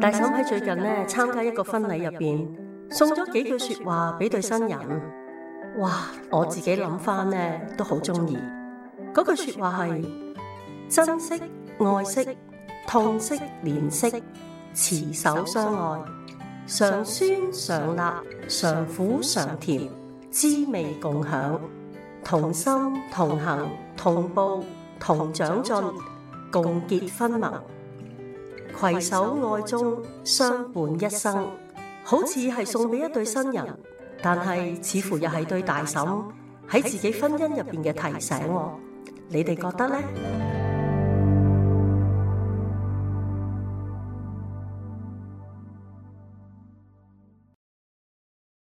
大嬸喺最近咧參加一個婚禮入邊，送咗幾句說話俾對新人，哇！我自己諗翻咧都好中意嗰句說話係：珍惜、愛惜、痛惜、憐惜，持守相愛，常酸常辣，常苦常甜，滋味共享，同心同行，同步同長進，共結婚盟。攜手愛中相伴一生，好似係送俾一對新人，但係似乎又係對大嬸喺自己婚姻入邊嘅提醒。你哋覺得呢？